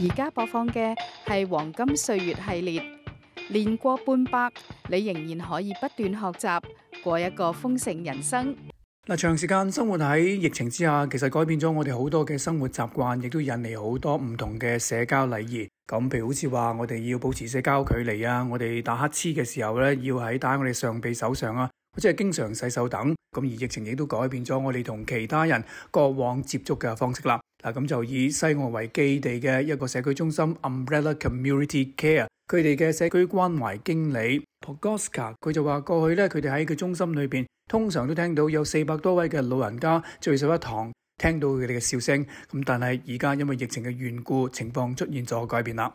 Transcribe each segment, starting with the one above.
而家播放嘅係《黃金歲月》系列。年過半百，你仍然可以不斷學習，過一個豐盛人生。嗱，長時間生活喺疫情之下，其實改變咗我哋好多嘅生活習慣，亦都引嚟好多唔同嘅社交禮儀。咁，譬如好似話我哋要保持社交距離啊，我哋打乞嗤嘅時候咧，要喺打在我哋上臂手上啊。即係經常洗手等，咁而疫情亦都改變咗我哋同其他人過往接觸嘅方式啦。嗱，咁就以西澳為基地嘅一個社區中心 Umbrella Community Care，佢哋嘅社區關懷經理 Pogoska 佢就話：過去咧，佢哋喺佢中心裏邊通常都聽到有四百多位嘅老人家聚首一堂，聽到佢哋嘅笑聲。咁但係而家因為疫情嘅緣故，情況出現咗改變啦。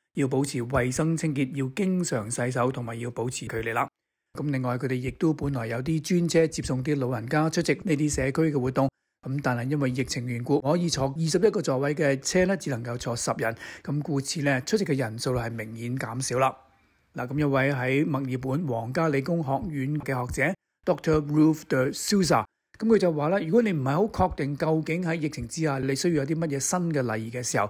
要保持衛生清潔，要經常洗手，同埋要保持距離啦。咁另外，佢哋亦都本來有啲專車接送啲老人家出席呢啲社區嘅活動，咁但係因為疫情緣故，可以坐二十一個座位嘅車呢只能夠坐十人，咁故此呢出席嘅人數係明顯減少啦。嗱，咁一位喺墨爾本皇家理工學院嘅學者 Dr. Ruth De Souza，咁佢就話啦，如果你唔係好確定究竟喺疫情之下你需要有啲乜嘢新嘅禮儀嘅時候，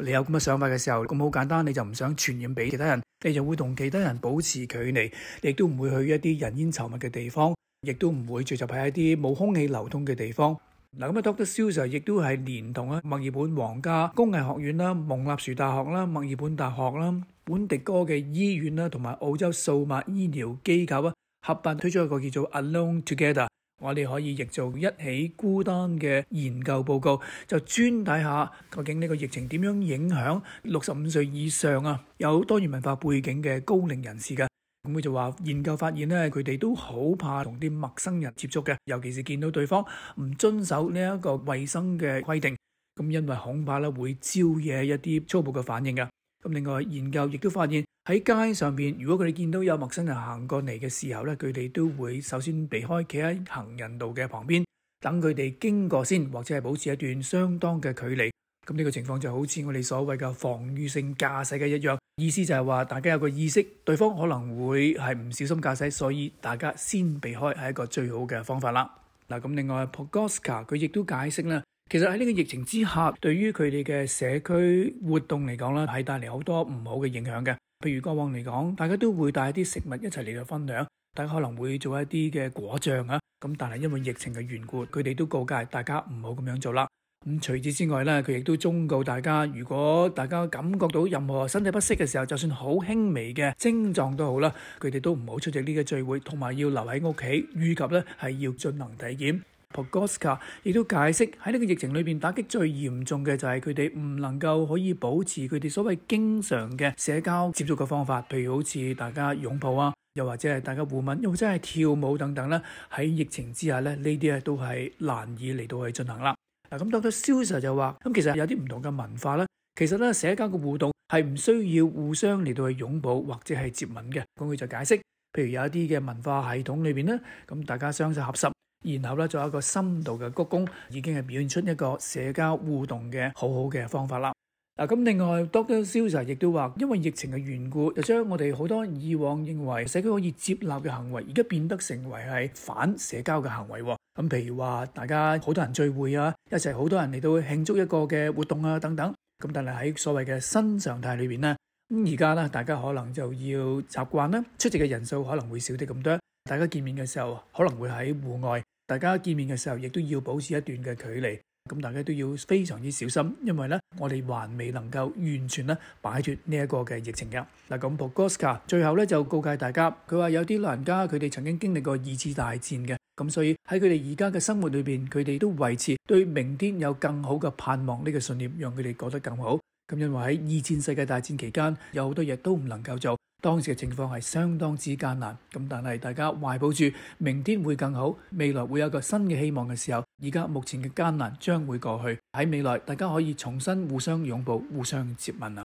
你有咁嘅想法嘅時候，咁好簡單，你就唔想傳染俾其他人，你就會同其他人保持距離，亦都唔會去一啲人煙稠密嘅地方，亦都唔會聚集喺一啲冇空氣流通嘅地方嗱。咁啊，Doctor Sales 亦都係連同啊墨爾本皇家工藝學院啦、蒙納殊大學啦、墨爾本大學啦、本迪哥嘅醫院啦，同埋澳洲數碼醫療機構啊，合辦推出一個叫做 Alone Together。我哋可以譯做一起孤單嘅研究報告，就專睇下究竟呢個疫情點樣影響六十五歲以上啊有多元文化背景嘅高齡人士㗎，咁佢就話研究發現咧，佢哋都好怕同啲陌生人接觸嘅，尤其是見到對方唔遵守呢一個衛生嘅規定，咁因為恐怕咧會招惹一啲粗暴嘅反應㗎。另外研究亦都發現喺街上邊，如果佢哋見到有陌生人行過嚟嘅時候咧，佢哋都會首先避開，企喺行人道嘅旁邊，等佢哋經過先，或者係保持一段相當嘅距離。咁、這、呢個情況就好似我哋所謂嘅防禦性駕駛嘅一樣，意思就係話大家有個意識，對方可能會係唔小心駕駛，所以大家先避開係一個最好嘅方法啦。嗱，咁另外 Podgorska 佢亦都解釋咧。其實喺呢個疫情之下，對於佢哋嘅社區活動嚟講啦，係帶嚟好多唔好嘅影響嘅。譬如過往嚟講，大家都會帶一啲食物一齊嚟到分享，大家可能會做一啲嘅果醬啊。咁但係因為疫情嘅緣故，佢哋都告誡大家唔好咁樣做啦。咁除此之外咧，佢亦都忠告大家，如果大家感覺到任何身體不適嘅時候，就算好輕微嘅症狀都好啦，佢哋都唔好出席呢個聚會，同埋要留喺屋企，以及咧係要進行體檢。Pogorska 亦都解釋喺呢個疫情裏邊打擊最嚴重嘅就係佢哋唔能夠可以保持佢哋所謂經常嘅社交接觸嘅方法，譬如好似大家擁抱啊，又或者係大家互吻，又或者係跳舞等等咧。喺疫情之下咧，呢啲咧都係難以嚟到去進行啦。嗱、啊，咁當咗 Sosa 就話，咁其實有啲唔同嘅文化啦。其實咧社交嘅互動係唔需要互相嚟到去擁抱或者係接吻嘅。咁佢就解釋，譬如有一啲嘅文化系統裏邊咧，咁大家雙手合十。然後咧，做一個深度嘅鞠躬，已經係表現出一個社交互動嘅好好嘅方法啦。嗱、啊，咁、嗯、另外，Doctor Sosa 亦都話，因為疫情嘅緣故，就將我哋好多以往認為社區可以接納嘅行為，而家變得成為係反社交嘅行為。咁、嗯、譬如話，大家好多人聚會啊，一齊好多人嚟到慶祝一個嘅活動啊，等等。咁、嗯、但係喺所謂嘅新常態裏邊咧，咁而家咧，大家可能就要習慣啦，出席嘅人數可能會少啲咁多。大家見面嘅時候，可能會喺戶外；大家見面嘅時候，亦都要保持一段嘅距離。咁大家都要非常之小心，因為呢，我哋還未能夠完全呢擺脫呢一個嘅疫情嘅。嗱，咁 Podgorska 最後咧就告誡大家，佢話有啲老人家佢哋曾經經歷過二次大戰嘅，咁所以喺佢哋而家嘅生活裏邊，佢哋都維持對明天有更好嘅盼望呢個信念，讓佢哋過得更好。咁因為喺二戰世界大戰期間，有好多嘢都唔能夠做。當時嘅情況係相當之艱難，咁但係大家懷抱住明天會更好，未來會有一個新嘅希望嘅時候，而家目前嘅艱難將會過去，喺未來大家可以重新互相擁抱、互相接吻啦。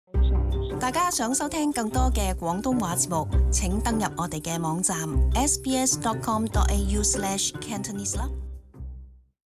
大家想收聽更多嘅廣東話節目，請登入我哋嘅網站 sbs.com.au/cantonese 啦。